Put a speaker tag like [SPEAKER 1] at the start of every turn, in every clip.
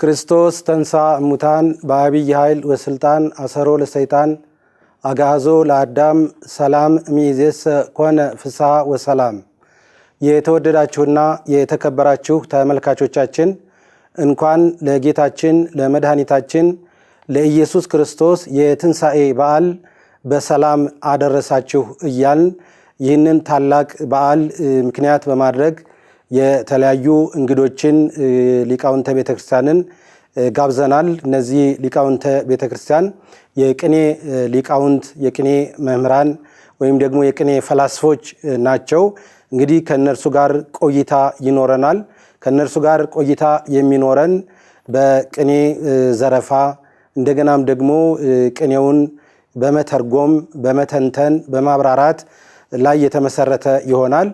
[SPEAKER 1] ክርስቶስ ተንሳ እሙታን በአብይ ኃይል ወስልጣን አሰሮ ለሰይጣን አጋዞ ለአዳም ሰላም ሚዜስ ኮነ ፍስሐ ወሰላም። የተወደዳችሁና የተከበራችሁ ተመልካቾቻችን እንኳን ለጌታችን ለመድኃኒታችን ለኢየሱስ ክርስቶስ የትንሣኤ በዓል በሰላም አደረሳችሁ እያል ይህንን ታላቅ በዓል ምክንያት በማድረግ የተለያዩ እንግዶችን ሊቃውንተ ቤተክርስቲያንን ጋብዘናል። እነዚህ ሊቃውንተ ቤተክርስቲያን የቅኔ ሊቃውንት፣ የቅኔ መምህራን ወይም ደግሞ የቅኔ ፈላስፎች ናቸው። እንግዲህ ከእነርሱ ጋር ቆይታ ይኖረናል። ከእነርሱ ጋር ቆይታ የሚኖረን በቅኔ ዘረፋ እንደገናም ደግሞ ቅኔውን በመተርጎም በመተንተን በማብራራት ላይ የተመሰረተ ይሆናል።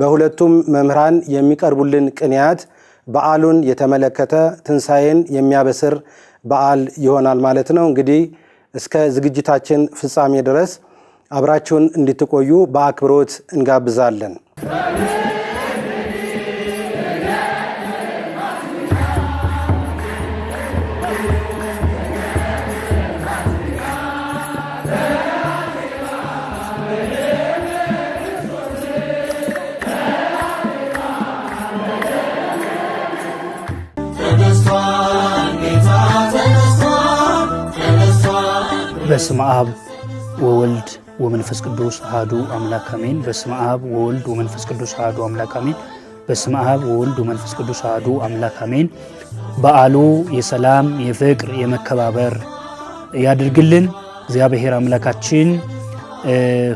[SPEAKER 1] በሁለቱም መምህራን የሚቀርቡልን ቅንያት በዓሉን የተመለከተ ትንሣኤን የሚያበስር በዓል ይሆናል ማለት ነው። እንግዲህ እስከ ዝግጅታችን ፍጻሜ ድረስ አብራችሁን እንድትቆዩ በአክብሮት እንጋብዛለን።
[SPEAKER 2] በስመ አብ ወወልድ ወመንፈስ ቅዱስ አሐዱ አምላክ አሜን። በስመ አብ ወወልድ ወመንፈስ ቅዱስ አሐዱ አምላክ አሜን። በስመ አብ ወወልድ ወመንፈስ ቅዱስ አሐዱ አምላክ አሜን። በዓሉ የሰላም የፍቅር የመከባበር ያድርግልን። እግዚአብሔር አምላካችን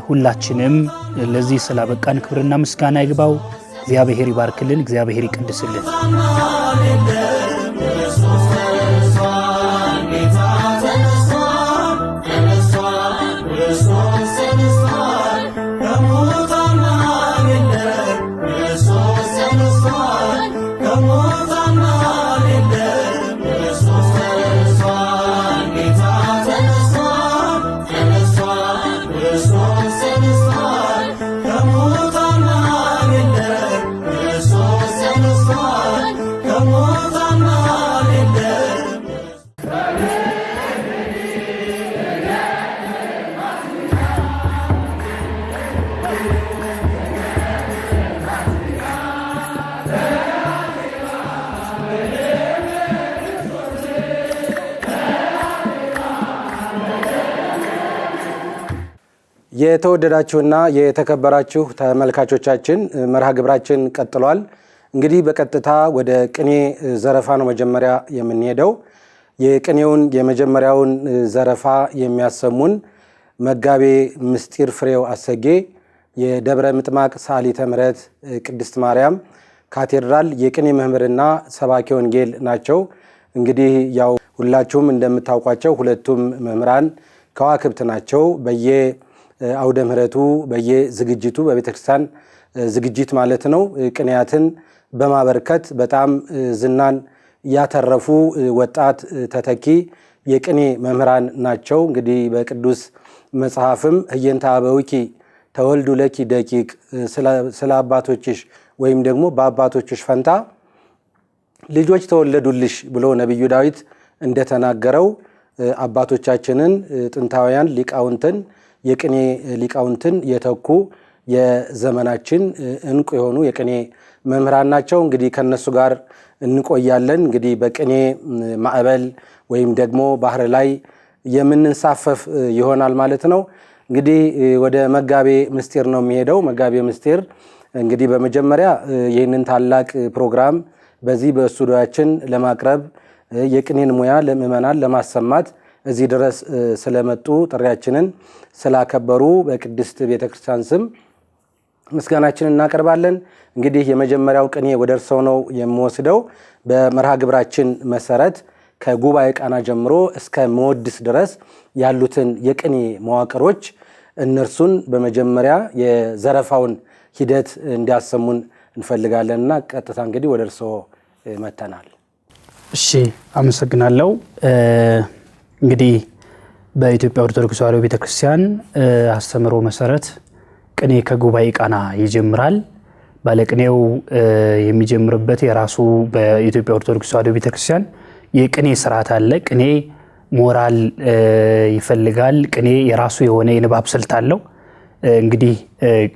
[SPEAKER 2] ሁላችንም ለዚህ ስላበቃን ክብርና ምስጋና ይግባው። እግዚአብሔር ይባርክልን። እግዚአብሔር ይቀድስልን።
[SPEAKER 1] የተወደዳችሁና የተከበራችሁ ተመልካቾቻችን መርሃ ግብራችን ቀጥሏል። እንግዲህ በቀጥታ ወደ ቅኔ ዘረፋ ነው መጀመሪያ የምንሄደው። የቅኔውን የመጀመሪያውን ዘረፋ የሚያሰሙን መጋቤ ምስጢር ፍሬው አሰጌ የደብረ ምጥማቅ ሰዓሊተ ምሕረት ቅድስት ማርያም ካቴድራል የቅኔ መምህርና ሰባኪ ወንጌል ናቸው። እንግዲህ ያው ሁላችሁም እንደምታውቋቸው ሁለቱም መምህራን ከዋክብት ናቸው በየ አውደ ምሕረቱ በየዝግጅቱ በቤተክርስቲያን ዝግጅት ማለት ነው ቅንያትን በማበርከት በጣም ዝናን ያተረፉ ወጣት ተተኪ የቅኔ መምህራን ናቸው። እንግዲህ በቅዱስ መጽሐፍም ህየንተ አበዊኪ ተወልዱ ለኪ ደቂቅ ስለ አባቶችሽ ወይም ደግሞ በአባቶችሽ ፈንታ ልጆች ተወለዱልሽ ብሎ ነቢዩ ዳዊት እንደተናገረው አባቶቻችንን ጥንታውያን ሊቃውንትን የቅኔ ሊቃውንትን የተኩ የዘመናችን እንቁ የሆኑ የቅኔ መምህራን ናቸው። እንግዲህ ከነሱ ጋር እንቆያለን። እንግዲህ በቅኔ ማዕበል ወይም ደግሞ ባህር ላይ የምንንሳፈፍ ይሆናል ማለት ነው። እንግዲህ ወደ መጋቤ ምስጢር ነው የሚሄደው። መጋቤ ምስጢር እንግዲህ በመጀመሪያ ይህንን ታላቅ ፕሮግራም በዚህ በስቱዲያችን ለማቅረብ የቅኔን ሙያ ለምዕመናን ለማሰማት እዚህ ድረስ ስለመጡ ጥሪያችንን ስላከበሩ በቅድስት ቤተክርስቲያን ስም ምስጋናችንን እናቀርባለን። እንግዲህ የመጀመሪያው ቅኔ ወደ እርሰው ነው የምወስደው። በመርሃ ግብራችን መሰረት ከጉባኤ ቃና ጀምሮ እስከ መወድስ ድረስ ያሉትን የቅኔ መዋቅሮች እነርሱን በመጀመሪያ የዘረፋውን ሂደት እንዲያሰሙን እንፈልጋለን እና ቀጥታ እንግዲህ ወደ እርሶ መተናል።
[SPEAKER 2] እሺ፣ አመሰግናለሁ። እንግዲህ በኢትዮጵያ ኦርቶዶክስ ተዋሕዶ ቤተክርስቲያን አስተምህሮ መሰረት ቅኔ ከጉባኤ ቃና ይጀምራል። ባለቅኔው የሚጀምርበት የራሱ በኢትዮጵያ ኦርቶዶክስ ተዋሕዶ ቤተክርስቲያን የቅኔ ስርዓት አለ። ቅኔ ሞራል ይፈልጋል። ቅኔ የራሱ የሆነ የንባብ ስልት አለው። እንግዲህ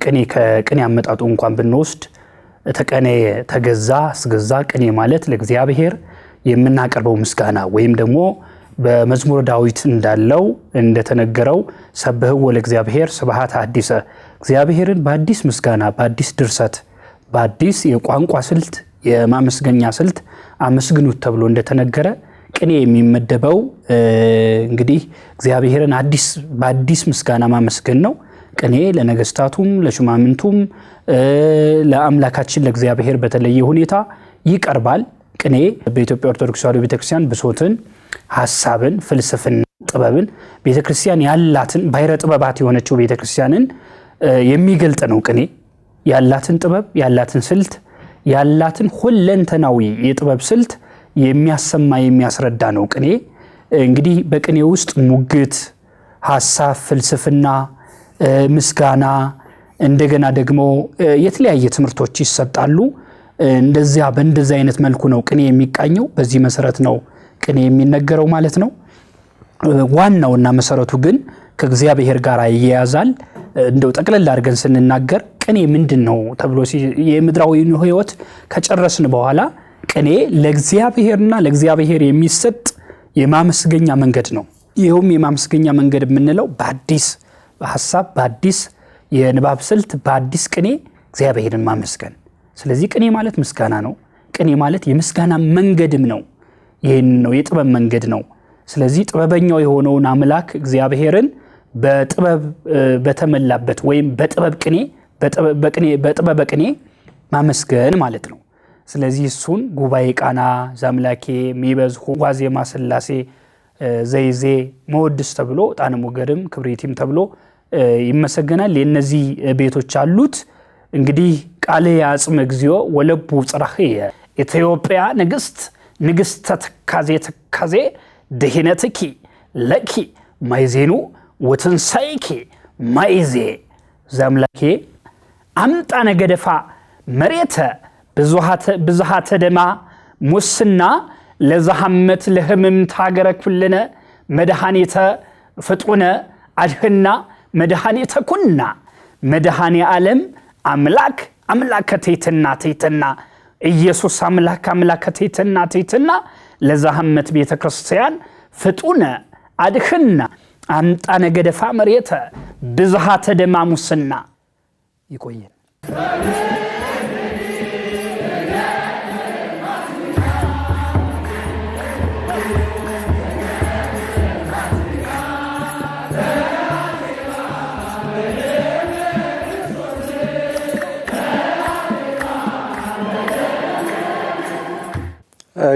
[SPEAKER 2] ቅኔ ከቅኔ አመጣጡ እንኳን ብንወስድ ተቀኔ ተገዛ አስገዛ። ቅኔ ማለት ለእግዚአብሔር የምናቀርበው ምስጋና ወይም ደግሞ በመዝሙር ዳዊት እንዳለው እንደተነገረው ሰብህው ለእግዚአብሔር ስብሐት አዲሰ እግዚአብሔርን በአዲስ ምስጋና፣ በአዲስ ድርሰት፣ በአዲስ የቋንቋ ስልት፣ የማመስገኛ ስልት አመስግኑት ተብሎ እንደተነገረ ቅኔ የሚመደበው እንግዲህ እግዚአብሔርን በአዲስ ምስጋና ማመስገን ነው። ቅኔ ለነገስታቱም፣ ለሹማምንቱም፣ ለአምላካችን ለእግዚአብሔር በተለየ ሁኔታ ይቀርባል። ቅኔ በኢትዮጵያ ኦርቶዶክስ ተዋሕዶ ቤተክርስቲያን ብሶትን ሀሳብን፣ ፍልስፍና፣ ጥበብን ቤተ ክርስቲያን ያላትን ባሕረ ጥበባት የሆነችው ቤተ ክርስቲያንን የሚገልጥ ነው። ቅኔ ያላትን ጥበብ፣ ያላትን ስልት፣ ያላትን ሁለንተናዊ የጥበብ ስልት የሚያሰማ የሚያስረዳ ነው። ቅኔ እንግዲህ በቅኔ ውስጥ ሙግት፣ ሀሳብ፣ ፍልስፍና፣ ምስጋና እንደገና ደግሞ የተለያየ ትምህርቶች ይሰጣሉ። እንደዚያ በእንደዚህ አይነት መልኩ ነው ቅኔ የሚቃኘው። በዚህ መሰረት ነው ቅኔ የሚነገረው ማለት ነው። ዋናውና መሰረቱ ግን ከእግዚአብሔር ጋር ይያያዛል። እንደው ጠቅለል አድርገን ስንናገር ቅኔ ምንድን ነው ተብሎ የምድራዊ ሕይወት ከጨረስን በኋላ ቅኔ ለእግዚአብሔርና ለእግዚአብሔር የሚሰጥ የማመስገኛ መንገድ ነው። ይኸውም የማመስገኛ መንገድ የምንለው በአዲስ ሀሳብ በአዲስ የንባብ ስልት በአዲስ ቅኔ እግዚአብሔርን ማመስገን። ስለዚህ ቅኔ ማለት ምስጋና ነው። ቅኔ ማለት የምስጋና መንገድም ነው። ይህን ነው የጥበብ መንገድ ነው። ስለዚህ ጥበበኛው የሆነውን አምላክ እግዚአብሔርን በጥበብ በተመላበት ወይም በጥበብ ቅኔ በጥበበ ቅኔ ማመስገን ማለት ነው። ስለዚህ እሱን ጉባኤ ቃና ዛምላኬ ሚበዝሁ ዋዜማ ስላሴ ዘይዜ መወድስ ተብሎ ዕጣነ ሞገርም ክብሬቲም ተብሎ ይመሰገናል። የእነዚህ ቤቶች አሉት። እንግዲህ ቃል የአጽም እግዚኦ ወለቡ ጽራህ የኢትዮጵያ ንግስት ንግሥተ ትካዜ ትካዜ ድህነትኪ ለኪ ማይዜኑ ወትንሳይኪ ማይዜ ዘምላኬ አምጣ ነገደፋ መሬተ ብዙሃተ ደማ ሙስና ለዛሃመት ለህምም ታገረ ኩልነ መድሃኒተ ፍጡነ አድህና መድሃኒተ ኩና መድሃኒ ዓለም አምላክ አምላከ ትሕትና ትሕትና ኢየሱስ አምላክ አምላከቴትና ቴትና ለዛህመት ቤተ ክርስቲያን ፍጡነ አድህና አምጣ ነገደፋ መሬተ ብዝሃ ተደማሙስና ይቆየን።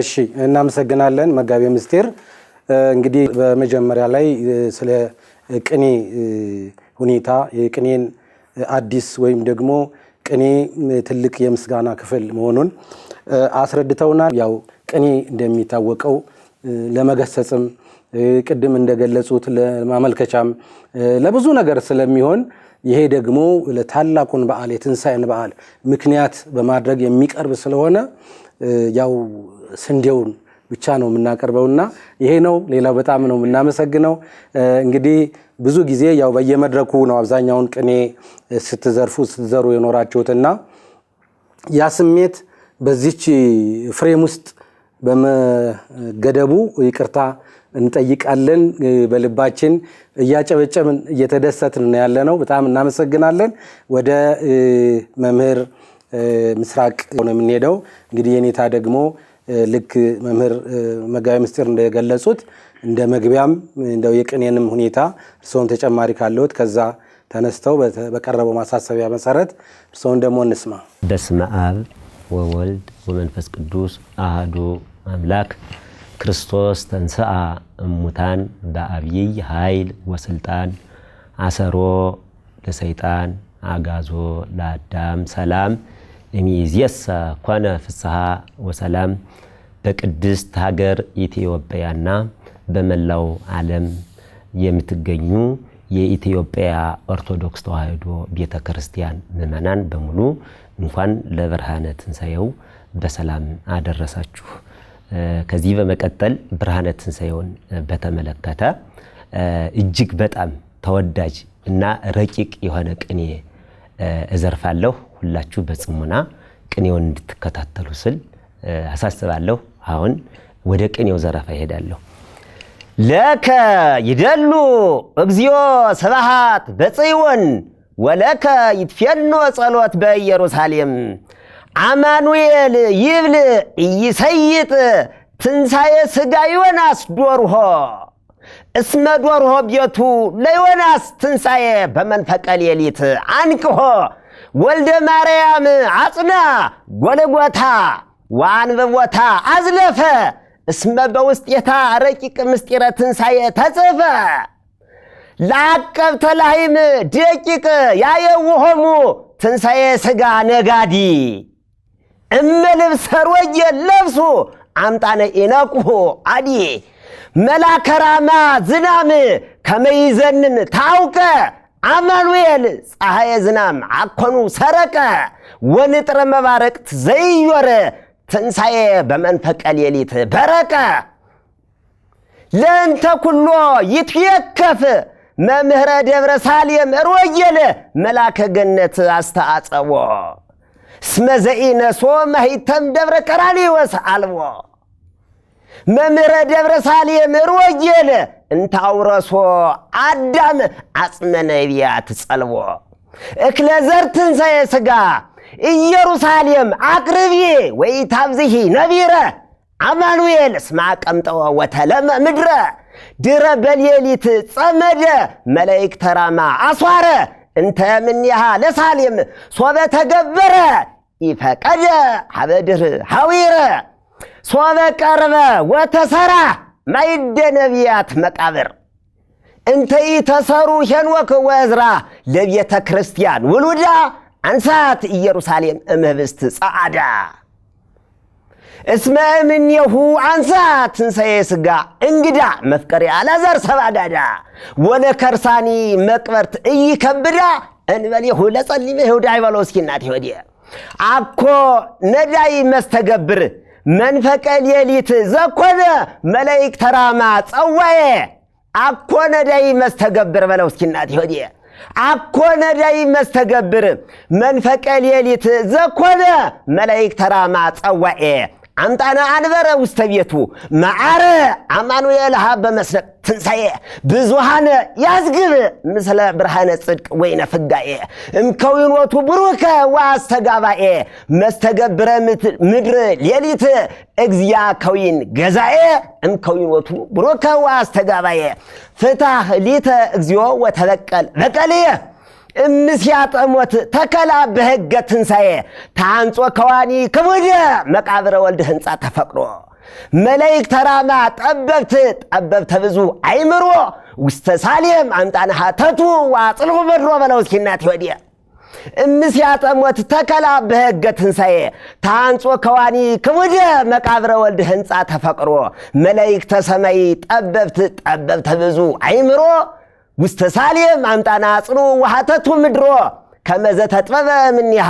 [SPEAKER 1] እሺ እናመሰግናለን መጋቢ ምስጢር። እንግዲህ በመጀመሪያ ላይ ስለ ቅኔ ሁኔታ የቅኔን አዲስ ወይም ደግሞ ቅኔ ትልቅ የምስጋና ክፍል መሆኑን አስረድተውናል። ያው ቅኔ እንደሚታወቀው ለመገሰጽም ቅድም እንደገለጹት ለማመልከቻም ለብዙ ነገር ስለሚሆን ይሄ ደግሞ ለታላቁን በዓል የትንሣኤን በዓል ምክንያት በማድረግ የሚቀርብ ስለሆነ ያው ስንዴውን ብቻ ነው የምናቀርበው እና ይሄ ነው ሌላው በጣም ነው የምናመሰግነው። እንግዲህ ብዙ ጊዜ ያው በየመድረኩ ነው አብዛኛውን ቅኔ ስትዘርፉ ስትዘሩ እና ያ ስሜት በዚች ፍሬም ውስጥ በመገደቡ ይቅርታ እንጠይቃለን። በልባችን እያጨበጨብን እየተደሰትን ነው ያለ ነው። በጣም እናመሰግናለን። ወደ መምህር ምስራቅ ነው የምንሄደው። እንግዲህ የኔታ ደግሞ ልክ መምህር መጋቢ ምስጢር እንደገለጹት እንደ መግቢያም እንደው የቅኔንም ሁኔታ እርስዎን ተጨማሪ ካለዎት ከዛ ተነስተው በቀረበው ማሳሰቢያ መሰረት እርስዎን ደግሞ እንስማ።
[SPEAKER 3] በስመ አብ ወወልድ ወመንፈስ ቅዱስ አህዱ አምላክ ክርስቶስ ተንስአ እሙታን በአብይ ኃይል ወስልጣን አሰሮ ለሰይጣን አጋዞ ለአዳም ሰላም የሚይዝየሰ ኮነ ፍስሐ ወሰላም በቅድስት ሀገር ኢትዮጵያና በመላው ዓለም የምትገኙ የኢትዮጵያ ኦርቶዶክስ ተዋሕዶ ቤተ ክርስቲያን ምዕመናን በሙሉ እንኳን ለብርሃነ ትንሣኤው በሰላም አደረሳችሁ። ከዚህ በመቀጠል ብርሃነ ትንሣኤውን በተመለከተ እጅግ በጣም ተወዳጅ እና ረቂቅ የሆነ ቅኔ እዘርፋለሁ። ሁላችሁ በጽሙና ቅኔውን እንድትከታተሉ ስል አሳስባለሁ። አሁን ወደ ቅኔው ዘረፋ ይሄዳለሁ።
[SPEAKER 4] ለከ ይደሉ እግዚኦ ስብሐት በጽዮን ወለከ ይትፌኖ ጸሎት በኢየሩሳሌም አማኑኤል ይብል ኢይሰይጥ ትንሣኤ ሥጋ ዮናስ ዶርሆ እስመ ዶርሆ ቤቱ ለዮናስ ትንሣኤ በመንፈቀ ሌሊት አንቅሆ ወልደ ማርያም አጽና ጎለጎታ ወአንበቦታ አዝለፈ እስመ በውስጤታ ረቂቅ ምስጢረ ትንሣኤ ተጽፈ ለአቀብተ ላህይም ደቂቅ ያየውሆሙ ትንሣኤ ሥጋ ነጋዲ እመልብሰ ሮጌ ለብሱ አምጣነ ኢነቁሁ አዲ መላከራማ ዝናም ከመይዘንም ታውቀ አማኑኤል ፀሐየ ዝናም አኮኑ ሰረቀ ወንጥረ መባረቅት ዘይዮረ ትንሣኤ በመንፈቀ ሌሊት በረቀ ለእንተ ኩሎ ይትየከፍ መምህረ ደብረ ሳሌም ሮየለ መላከ ገነት አስተአጸቦ እስመ ዘኢነሶ መሂተም ደብረ ቀራኔወስ አልቦ መምህረ ደብረ ሳሌም ሮየለ እንታውረሶ አዳም አጽመነቢያት ጸልቦ እክለዘር ትንሣኤ ሥጋ ኢየሩሳሌም አቅርቢ ወይ ታብዝሂ ነቢረ አማኑኤል ስማ ቀምጠወ ወተለመ ምድረ ድረ በሌሊት ጸመደ መላይክ ተራማ አስዋረ እንተ ምንያሃ ለሳሌም ሶበ ተገበረ ይፈቀደ ሀበድር ሀዊረ ሶበ ቀርበ ወተሰራ ማይደ ነቢያት መቃብር እንተ ኢተሰሩ ሄኖክ ወዕዝራ ለቤተ ክርስቲያን ውሉዳ አንሳት ኢየሩሳሌም እምህብስት ጸዓዳ እስመ እምኔሁ አንሳት ትንሣኤ ሥጋ እንግዳ መፍቀሪ አልዓዛር ሰባጋዳ ወለከርሳኒ መቅበርት እይከብዳ እንበሌሁ ለጸሊመ ይሁዳ ይበሎ እስኪ እናት ይወዲየ አኮ ነዳይ መስተገብር መንፈቀ ሌሊት ዘኮነ መላይክ ተራማ ጸዋየ አኮነ ዳይ መስተገብር በለው እስኪ እናት አኮነ ዳይ መስተገብር መንፈቀ ሌሊት ዘኮነ መላይክ ተራማ ጸዋየ አምጣነ አንበረ ውስተ ቤቱ መዓረ አማኑኤል ሀበ መስነቅ ትንሣኤ ብዙሃነ ያዝግብ ምስለ ብርሃነ ጽድቅ ወይነ ፍጋኤ እምከዊኖቱ ብሩከ ወአስተጋባኤ መስተገብረ ምድር ሌሊት እግዚአ ከዊን ገዛኤ እምከዊኖቱ ብሩከ ወአስተጋባኤ ፍታህ ሊተ እግዚኦ ወተበቀል በቀልየ እምስያጠሞት ተከላ በሕገ ትንሣኤ ታንጾ ከዋኒ ክቡደ መቃብረ ወልድ ሕንፃ ተፈቅሮ መለይክ ተራማ ጠበብት ጠበብተ ብዙ አይምሮ ውስተ ሳሌም አምጣንሃ ተቱ ዋጽልሁ በድሮ በለው እስኪናት ወዲየ እምስያጠሞት ተከላ በሕገ ትንሣኤ ታንጾ ከዋኒ ክቡደ መቃብረ ወልድ ሕንፃ ተፈቅሮ መለይክ ተሰማይ ጠበብት ጠበብተ ብዙ አይምሮ ውስተ ሳሌም አምጣና አጽኑ ውሃተቱ ምድሮ ከመዘ ተጥበበ እምኔሃ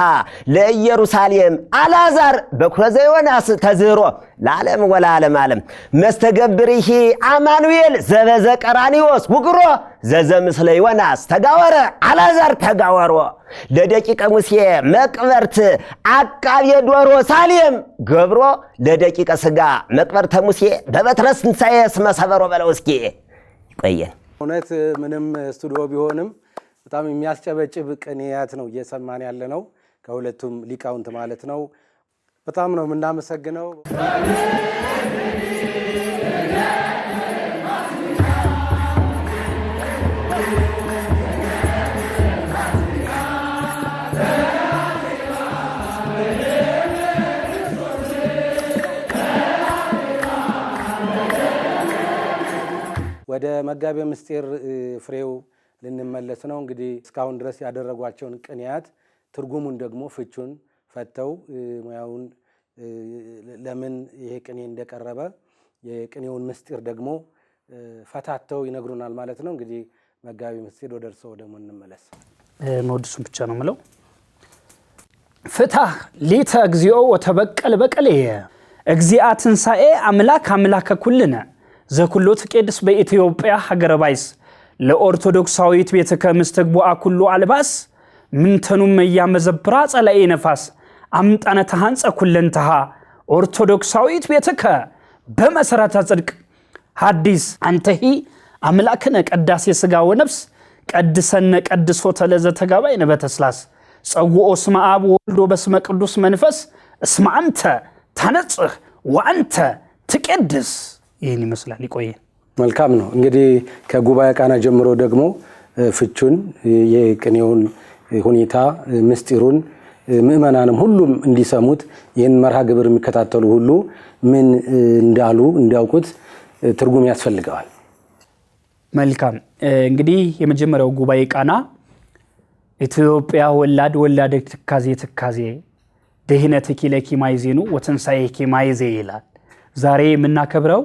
[SPEAKER 4] ለኢየሩሳሌም አላዛር በኩረ ዘዮናስ ተዝህሮ ለዓለም ወለዓለም ዓለም መስተገብሪሂ አማኑኤል ዘበዘ ቀራኒዎስ ውግሮ ዘዘ ምስለ ዮናስ ተጋወረ አላዛር ተጋወሮ ለደቂቀ ሙሴ መቅበርት አቃቤ ዶሮ ሳሌም ገብሮ ለደቂቀ ሥጋ መቅበርተ ሙሴ በበትረስ ንሳየ ስመሰበሮ ሰበሮ በለው እስኪ ይቆየን።
[SPEAKER 1] እውነት ምንም ስቱዲዮ ቢሆንም በጣም የሚያስጨበጭብ ቅኔያት ነው እየሰማን ያለ ነው ከሁለቱም ሊቃውንት ማለት ነው። በጣም ነው የምናመሰግነው። ወደ መጋቤ ምስጢር ፍሬው ልንመለስ ነው። እንግዲህ እስካሁን ድረስ ያደረጓቸውን ቅንያት ትርጉሙን ደግሞ ፍቹን ፈተው ሙያውን ለምን ይሄ ቅኔ እንደቀረበ የቅኔውን ምስጢር ደግሞ ፈታተው ይነግሩናል ማለት ነው። እንግዲህ መጋቢ ምስጢር ወደ እርስዎ ደግሞ እንመለስ። መወድሱን ብቻ ነው ምለው
[SPEAKER 2] ፍታህ ሊተ እግዚኦ ወተበቀል በቀልየ እግዚአ ትንሣኤ አምላክ አምላከ ኩልነ ዘኩሎ ትቄድስ በኢትዮጵያ ሀገረ ባይስ ለኦርቶዶክሳዊት ቤተ ከምስተግቡአ ኩሉ አልባስ ምንተኑም እያመዘብራ ጸላኤ ነፋስ አምጣነትሃንፀ ኩለንትሃ ኦርቶዶክሳዊት ቤተከ በመሰረተ ጽድቅ ሐዲስ አንተሂ አምላክነ ቀዳሴ ሥጋ ወነፍስ ቀድሰነ ቀድሶ ተለዘ ተጋባይ ነበተስላስ ጸውኦ ስመ አብ ወልዶ በስመ ቅዱስ መንፈስ እስመ አንተ ታነጽህ ወአንተ ትቄድስ ይህን ይመስላል። ይቆየን።
[SPEAKER 1] መልካም ነው እንግዲህ ከጉባኤ ቃና ጀምሮ ደግሞ ፍቹን የቅኔውን ሁኔታ ምስጢሩን ምእመናንም ሁሉም እንዲሰሙት ይህን መርሃ ግብር የሚከታተሉ ሁሉ ምን እንዳሉ እንዲያውቁት ትርጉም ያስፈልገዋል።
[SPEAKER 2] መልካም እንግዲህ የመጀመሪያው ጉባኤ ቃና ኢትዮጵያ ወላድ ወላደ ትካዜ ትካዜ ድህነት ኪለኪ ማይዜኑ ኪ ኪማይዜ ይላል። ዛሬ የምናከብረው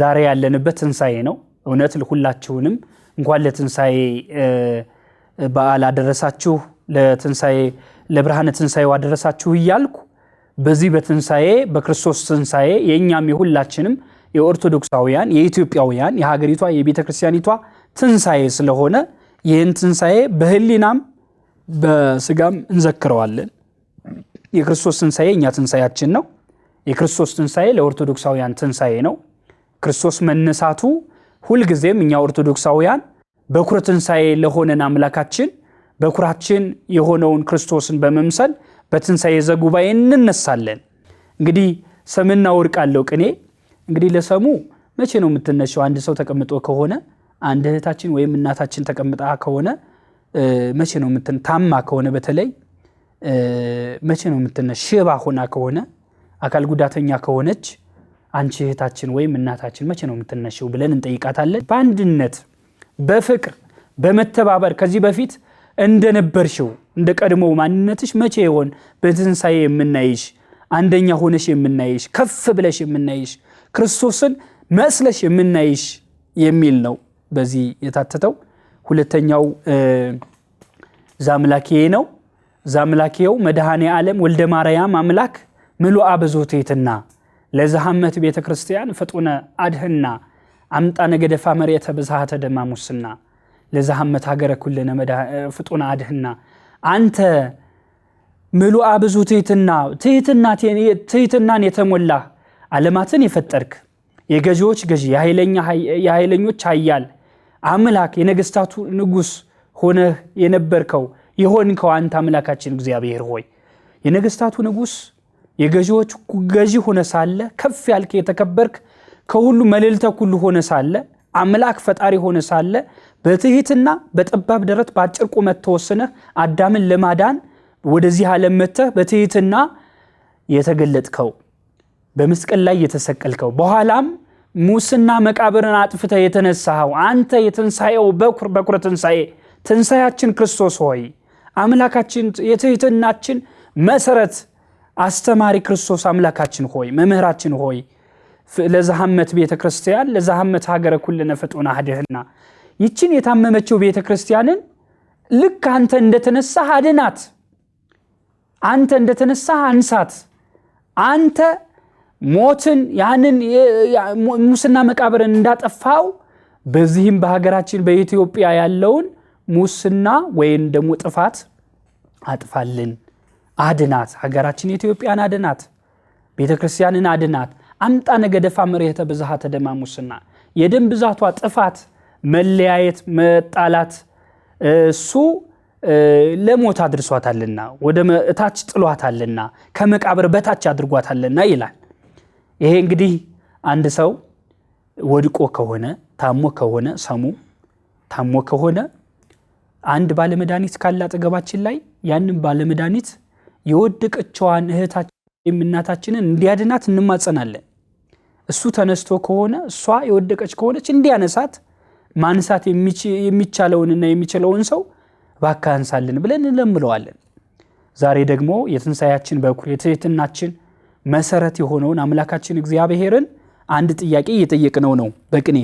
[SPEAKER 2] ዛሬ ያለንበት ትንሣኤ ነው። እውነት ሁላችሁንም እንኳን ለትንሣኤ በዓል አደረሳችሁ፣ ለትንሣኤ ለብርሃነ ትንሣኤው አደረሳችሁ እያልኩ በዚህ በትንሣኤ በክርስቶስ ትንሣኤ የእኛም የሁላችንም የኦርቶዶክሳውያን የኢትዮጵያውያን የሀገሪቷ የቤተ ክርስቲያኒቷ ትንሣኤ ስለሆነ ይህን ትንሣኤ በህሊናም በስጋም እንዘክረዋለን። የክርስቶስ ትንሣኤ እኛ ትንሣኤያችን ነው። የክርስቶስ ትንሣኤ ለኦርቶዶክሳውያን ትንሣኤ ነው። ክርስቶስ መነሳቱ ሁልጊዜም እኛ ኦርቶዶክሳውያን በኩረ ትንሣኤ ለሆነን አምላካችን በኩራችን የሆነውን ክርስቶስን በመምሰል በትንሣኤ ዘጉባኤ እንነሳለን። እንግዲህ ሰምና ወርቅ አለው ቅኔ። እንግዲህ ለሰሙ መቼ ነው የምትነሸው? አንድ ሰው ተቀምጦ ከሆነ አንድ እህታችን ወይም እናታችን ተቀምጣ ከሆነ መቼ ነው የምትን ታማ ከሆነ በተለይ መቼ ነው የምትነሽ? ሽባ ሆና ከሆነ አካል ጉዳተኛ ከሆነች አንቺ እህታችን ወይም እናታችን መቼ ነው የምትነሽው ብለን እንጠይቃታለን። በአንድነት በፍቅር በመተባበር ከዚህ በፊት እንደነበርሽው እንደ ቀድሞው ማንነትሽ መቼ ይሆን በትንሣኤ የምናይሽ አንደኛ ሆነሽ የምናይሽ ከፍ ብለሽ የምናይሽ ክርስቶስን መስለሽ የምናይሽ የሚል ነው በዚህ የታተተው። ሁለተኛው ዛምላኬዬ ነው። ዛምላኬው መድኃኔ ዓለም ወልደ ማርያም አምላክ ምሉአ በዞቴትና ለዛሐመት ቤተ ክርስቲያን ፍጡነ አድህና አምጣ ነገደፋ መሬተ ብዝሃተ ደማ ሙስና ለዛሐመት ሀገረ ኩልነ ፍጡነ አድህና አንተ ምሉአ ብዙ ትህትና ትህትናን የተሞላ ዓለማትን የፈጠርክ የገዢዎች ገዢ የኃይለኞች ኃያል አምላክ የነገስታቱ ንጉስ ሆነህ የነበርከው የሆንከው አንተ አምላካችን እግዚአብሔር ሆይ የነገስታቱ ንጉስ የገዢዎች ገዢ ሆነ ሳለ ከፍ ያልክ የተከበርክ ከሁሉ መልዕልተ ኩሉ ሆነ ሳለ አምላክ ፈጣሪ ሆነ ሳለ በትህትና በጠባብ ደረት በአጭር ቁመት ተወስነህ አዳምን ለማዳን ወደዚህ ዓለም መጥተህ በትህትና የተገለጥከው በመስቀል ላይ የተሰቀልከው በኋላም ሙስና መቃብርን አጥፍተህ የተነሳኸው አንተ የትንሣኤው በኩር በኩረ ትንሣኤ ትንሣያችን ክርስቶስ ሆይ አምላካችን የትህትናችን መሰረት አስተማሪ ክርስቶስ አምላካችን ሆይ መምህራችን ሆይ ለዛሐመት ቤተ ክርስቲያን ለዛሐመት ሀገረ ኩልነ ፍጡና አህድህና ይችን የታመመችው ቤተ ክርስቲያንን ልክ አንተ እንደተነሳህ አድናት፣ አንተ እንደተነሳህ አንሳት፣ አንተ ሞትን ያንን ሙስና መቃብርን እንዳጠፋው በዚህም በሀገራችን በኢትዮጵያ ያለውን ሙስና ወይም ደግሞ ጥፋት አጥፋልን። አድናት፣ ሀገራችን ኢትዮጵያን አድናት፣ ቤተ ክርስቲያንን አድናት። አምጣ ነገደፋ መሬተ ብዝሃተ ተደማሙስና የደም ብዛቷ ጥፋት፣ መለያየት፣ መጣላት እሱ ለሞት አድርሷታልና ወደ እታች ጥሏታልና ከመቃብር በታች አድርጓታልና ይላል። ይሄ እንግዲህ አንድ ሰው ወድቆ ከሆነ ታሞ ከሆነ ሰሙ ታሞ ከሆነ አንድ ባለመድኃኒት ካለ አጠገባችን ላይ ያንን ባለመድኃኒት የወደቀችዋን እህታችን ወይም እናታችንን እንዲያድናት እንማጸናለን። እሱ ተነስቶ ከሆነ እሷ የወደቀች ከሆነች እንዲያነሳት ማንሳት የሚቻለውንና የሚችለውን ሰው እባክህ አንሳልን ብለን እንለምለዋለን። ዛሬ ደግሞ የትንሣያችን በኩር የትህትናችን መሰረት የሆነውን አምላካችን እግዚአብሔርን አንድ ጥያቄ እየጠየቅነው ነው በቅኔ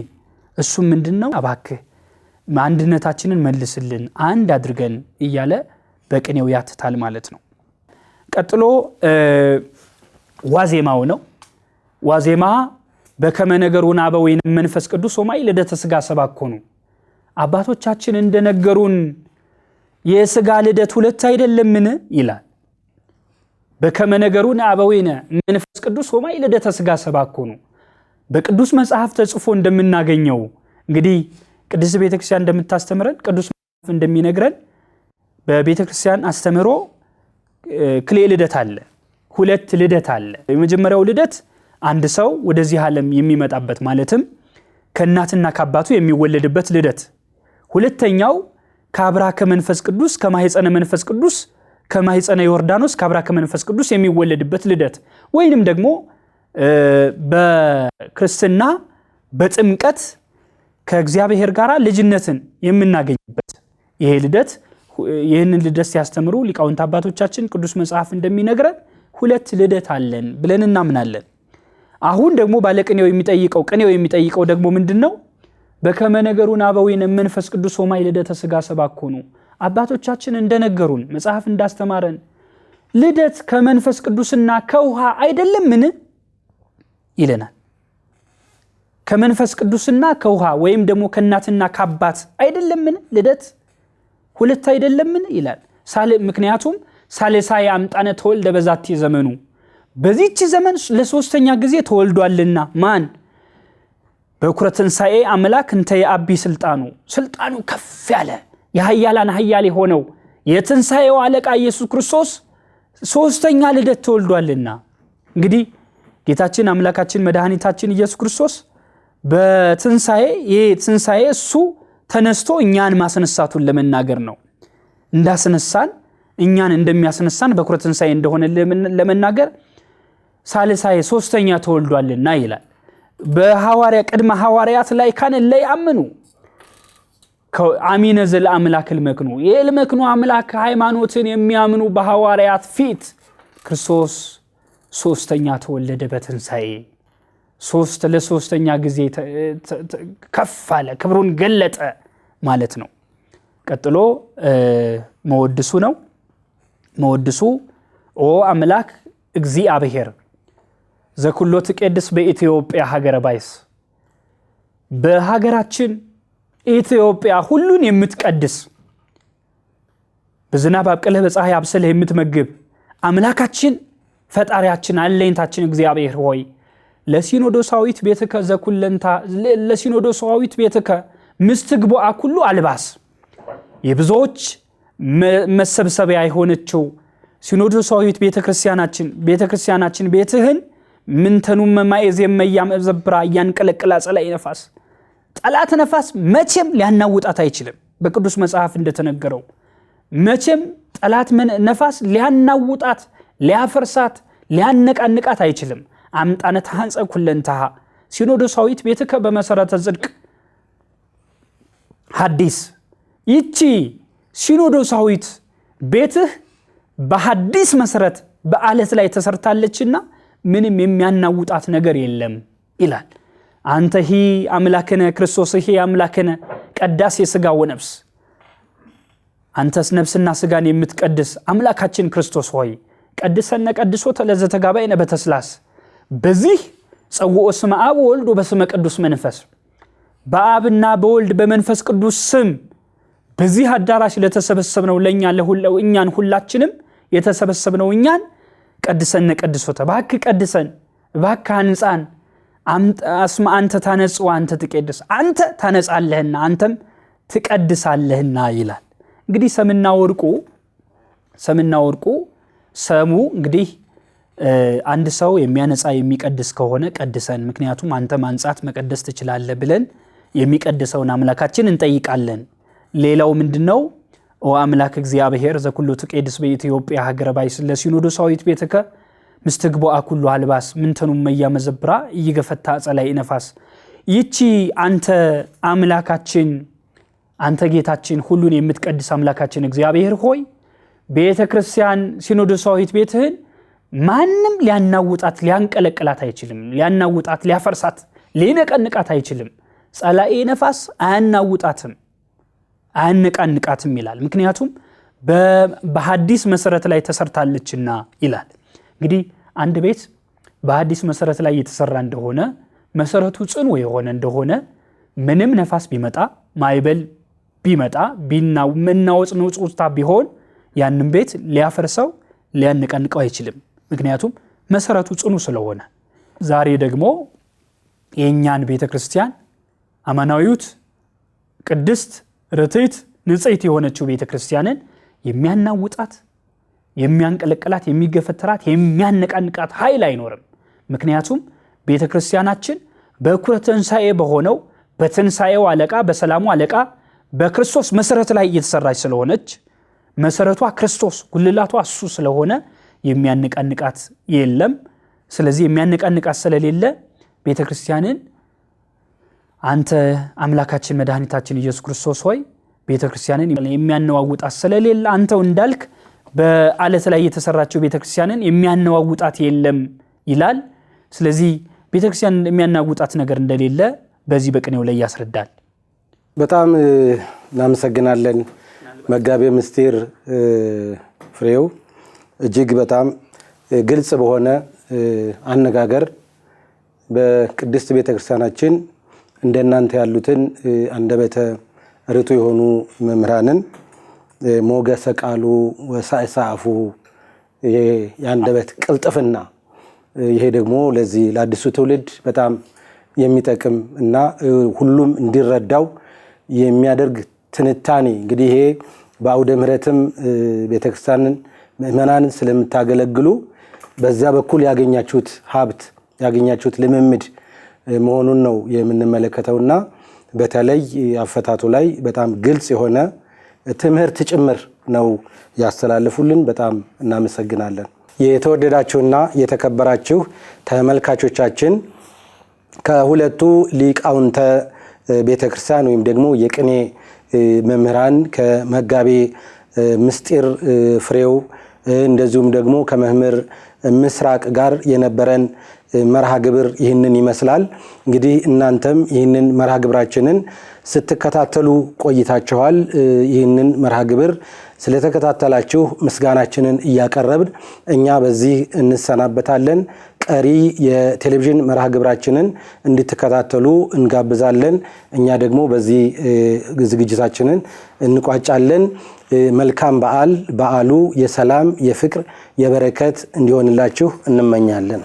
[SPEAKER 2] እሱም ምንድን ነው? እባክህ አንድነታችንን መልስልን አንድ አድርገን እያለ በቅኔው ያትታል ማለት ነው። ቀጥሎ ዋዜማው ነው። ዋዜማ በከመ ነገር ናበ ወይንም መንፈስ ቅዱስ ሶማይ ልደተ ስጋ ነው። አባቶቻችን እንደነገሩን የስጋ ልደት ሁለት አይደለምን ይላል። በከመ ነገሩ ናበ መንፈስ ቅዱስ ሶማይ ልደተ ስጋ ነው። በቅዱስ መጽሐፍ ተጽፎ እንደምናገኘው እንግዲህ ቅድስት ቤተክርስቲያን እንደምታስተምረን ቅዱስ መጽሐፍ እንደሚነግረን በቤተክርስቲያን አስተምህሮ ክሌ ልደት አለ፣ ሁለት ልደት አለ። የመጀመሪያው ልደት አንድ ሰው ወደዚህ ዓለም የሚመጣበት ማለትም ከእናትና ከአባቱ የሚወለድበት ልደት። ሁለተኛው ከአብራ ከመንፈስ ቅዱስ ከማህፀነ መንፈስ ቅዱስ ከማህፀነ ዮርዳኖስ ከአብራ ከመንፈስ ቅዱስ የሚወለድበት ልደት ወይንም ደግሞ በክርስትና በጥምቀት ከእግዚአብሔር ጋር ልጅነትን የምናገኝበት ይሄ ልደት ይህንን ልደት ሲያስተምሩ ሊቃውንት አባቶቻችን ቅዱስ መጽሐፍ እንደሚነግረን ሁለት ልደት አለን ብለን እናምናለን። አሁን ደግሞ ባለቅኔው የሚጠይቀው ቅኔው የሚጠይቀው ደግሞ ምንድን ነው? በከመ ነገሩን አበዊነ መንፈስ ቅዱስ ሆማይ ልደተ ስጋ ሰባኮኑ። አባቶቻችን እንደነገሩን መጽሐፍ እንዳስተማረን ልደት ከመንፈስ ቅዱስና ከውሃ ምን ይለናል። ከመንፈስ ቅዱስና ከውሃ ወይም ደግሞ ከእናትና ከአባት ምን ልደት ሁለት አይደለምን ይላል። ምክንያቱም ሳልሳይ አምጣነ ተወልደ በዛቲ ዘመኑ በዚች ዘመን ለሶስተኛ ጊዜ ተወልዷልና ማን በኩረ ትንሣኤ አምላክ እንተ የአቢ ስልጣኑ ስልጣኑ ከፍ ያለ የሀያላን ሀያል የሆነው የትንሣኤው አለቃ ኢየሱስ ክርስቶስ ሶስተኛ ልደት ተወልዷልና። እንግዲህ ጌታችን አምላካችን መድኃኒታችን ኢየሱስ ክርስቶስ በትንሣኤ ይህ ትንሣኤ እሱ ተነስቶ እኛን ማስነሳቱን ለመናገር ነው። እንዳስነሳን እኛን እንደሚያስነሳን በኩረ ትንሣኤ እንደሆነ ለመናገር ሳልሳዬ ሶስተኛ ተወልዷልና ይላል። በሐዋርያ ቅድመ ሐዋርያት ላይ ካን ላይ አምኑ አሚነ አምላክ ልመክኑ የልመክኑ አምላክ ሃይማኖትን የሚያምኑ በሐዋርያት ፊት ክርስቶስ ሶስተኛ ተወለደ በትንሣኤ ሶስት ለሶስተኛ ጊዜ ከፍ አለ፣ ክብሩን ገለጠ። ማለት ነው። ቀጥሎ መወድሱ ነው። መወድሱ ኦ አምላክ እግዚአብሔር ዘኩሎ ትቄድስ በኢትዮጵያ ሀገረ ባይስ በሀገራችን ኢትዮጵያ ሁሉን የምትቀድስ በዝናብ አብቅለህ በፀሐይ አብስለህ የምትመግብ አምላካችን ፈጣሪያችን አለኝታችን እግዚአብሔር ሆይ ለሲኖዶሳዊት ቤትከ ዘኩለንታ ለሲኖዶሳዊት ቤትከ ምስትግቦአ ኩሉ አልባስ የብዙዎች መሰብሰቢያ የሆነችው ሲኖዶሳዊት ቤተክርስቲያናችን ቤተክርስቲያናችን ቤትህን ምንተኑ መማኤዝ የመያም ዘብራ እያንቀለቅላ ጸላይ ነፋስ ጠላት ነፋስ መቼም ሊያናውጣት አይችልም። በቅዱስ መጽሐፍ እንደተነገረው መቼም ጠላት ነፋስ ሊያናውጣት፣ ሊያፈርሳት፣ ሊያነቃንቃት አይችልም። አምጣነት ታሐንፀ ኩለንታሃ ሲኖዶሳዊት ቤትከ በመሰረተ ጽድቅ ሐዲስ ይቺ ሲኖዶሳዊት ቤትህ በሐዲስ መሰረት በአለት ላይ ተሰርታለችና ምንም የሚያናውጣት ነገር የለም ይላል። አንተ ሂ አምላክነ ክርስቶስ ሂ አምላክነ ቀዳሴ ሥጋ ወነፍስ፣ አንተስ ነፍስና ስጋን የምትቀድስ አምላካችን ክርስቶስ ሆይ ቀድሰነ ቀድሶ ለዘተጋባይነ በተስላስ በዚህ ጸውኦ ስመ አብ ወልድ በስመ ቅዱስ መንፈስ በአብና በወልድ በመንፈስ ቅዱስ ስም በዚህ አዳራሽ ለተሰበሰብነው ለእኛ ለሁለው እኛን ሁላችንም የተሰበሰብነው እኛን ቀድሰን ነቀድሶተ ባክ ቀድሰን ባክ አንጻን አስመ አንተ ታነጽ አንተ ትቀድስ አንተ ታነጻለህና አንተም ትቀድሳለህና ይላል። እንግዲህ ሰምና ወርቁ ሰምና ወርቁ ሰሙ እንግዲህ አንድ ሰው የሚያነጻ የሚቀድስ ከሆነ ቀድሰን፣ ምክንያቱም አንተ ማንጻት መቀደስ ትችላለህ ብለን የሚቀድሰውን አምላካችን እንጠይቃለን። ሌላው ምንድን ነው? አምላክ እግዚአብሔር ዘኩሉ ትቄድስ በኢትዮጵያ ሀገረ ባይስለ ሲኖዶሳዊት ቤተከ ምስትግቦ አኩሉ አልባስ መያ መዘብራ ይገፈታ ጸላይ ነፋስ። ይቺ አንተ አምላካችን አንተ ጌታችን ሁሉን የምትቀድስ አምላካችን እግዚአብሔር ሆይ ቤተ ክርስቲያን ሲኖዶሳዊት ቤትህን ማንም ሊያናውጣት ሊያንቀለቅላት አይችልም። ሊያናውጣት ሊያፈርሳት ሊነቀንቃት አይችልም። ጸላኤ ነፋስ አያናውጣትም፣ አያነቃንቃትም ይላል። ምክንያቱም በሐዲስ መሰረት ላይ ተሰርታለችና ይላል። እንግዲህ አንድ ቤት በሐዲስ መሰረት ላይ የተሰራ እንደሆነ መሰረቱ ጽኑ የሆነ እንደሆነ ምንም ነፋስ ቢመጣ ማይበል ቢመጣ መናወጽ ንውጽውጽታ ቢሆን ያንም ቤት ሊያፈርሰው ሊያነቀንቀው አይችልም። ምክንያቱም መሰረቱ ጽኑ ስለሆነ ዛሬ ደግሞ የእኛን ቤተ ክርስቲያን አማናዊት፣ ቅድስት፣ ርትዕት፣ ንጽሕት የሆነችው ቤተ ክርስቲያንን የሚያናውጣት፣ የሚያንቀለቅላት፣ የሚገፈትራት፣ የሚያነቃንቃት ኃይል አይኖርም። ምክንያቱም ቤተ ክርስቲያናችን በኩረ ትንሣኤ በሆነው በትንሣኤው አለቃ በሰላሙ አለቃ በክርስቶስ መሰረት ላይ እየተሰራች ስለሆነች መሰረቷ ክርስቶስ ጉልላቷ እሱ ስለሆነ የሚያነቃንቃት የለም። ስለዚህ የሚያነቃንቃት ስለሌለ ቤተ ክርስቲያንን አንተ አምላካችን መድኃኒታችን ኢየሱስ ክርስቶስ ሆይ ቤተ ክርስቲያንን የሚያነዋውጣት ስለሌለ አንተው እንዳልክ በአለት ላይ የተሰራቸው ቤተ ክርስቲያንን የሚያነዋውጣት የለም ይላል። ስለዚህ ቤተ ክርስቲያንን የሚያናውጣት ነገር እንደሌለ በዚህ በቅኔው ላይ ያስረዳል።
[SPEAKER 1] በጣም እናመሰግናለን መጋቤ ምስጢር ፍሬው እጅግ በጣም ግልጽ በሆነ አነጋገር በቅድስት ቤተክርስቲያናችን። እንደናንተ ያሉትን አንደበተ ርቱ የሆኑ መምህራንን ሞገሰ ቃሉ ወሳዕሳ አፉ የአንደበት ቅልጥፍና ይሄ ደግሞ ለዚህ ለአዲሱ ትውልድ በጣም የሚጠቅም እና ሁሉም እንዲረዳው የሚያደርግ ትንታኔ እንግዲህ ይሄ በአውደ ምሕረትም ቤተክርስቲያንን ምእመናንን ስለምታገለግሉ በዚያ በኩል ያገኛችሁት ሀብት ያገኛችሁት ልምምድ መሆኑን ነው የምንመለከተውና በተለይ አፈታቱ ላይ በጣም ግልጽ የሆነ ትምህርት ጭምር ነው ያስተላልፉልን። በጣም እናመሰግናለን። የተወደዳችሁና የተከበራችሁ ተመልካቾቻችን ከሁለቱ ሊቃውንተ ቤተ ክርስቲያን ወይም ደግሞ የቅኔ መምህራን ከመጋቤ ምስጢር ፍሬው እንደዚሁም ደግሞ ከመምህር ምስራቅ ጋር የነበረን መርሃ ግብር ይህንን ይመስላል። እንግዲህ እናንተም ይህንን መርሃ ግብራችንን ስትከታተሉ ቆይታችኋል። ይህንን መርሃ ግብር ስለተከታተላችሁ ምስጋናችንን እያቀረብን እኛ በዚህ እንሰናበታለን። ቀሪ የቴሌቪዥን መርሃ ግብራችንን እንድትከታተሉ እንጋብዛለን። እኛ ደግሞ በዚህ ዝግጅታችንን እንቋጫለን። መልካም በዓል። በዓሉ የሰላም የፍቅር፣ የበረከት እንዲሆንላችሁ እንመኛለን።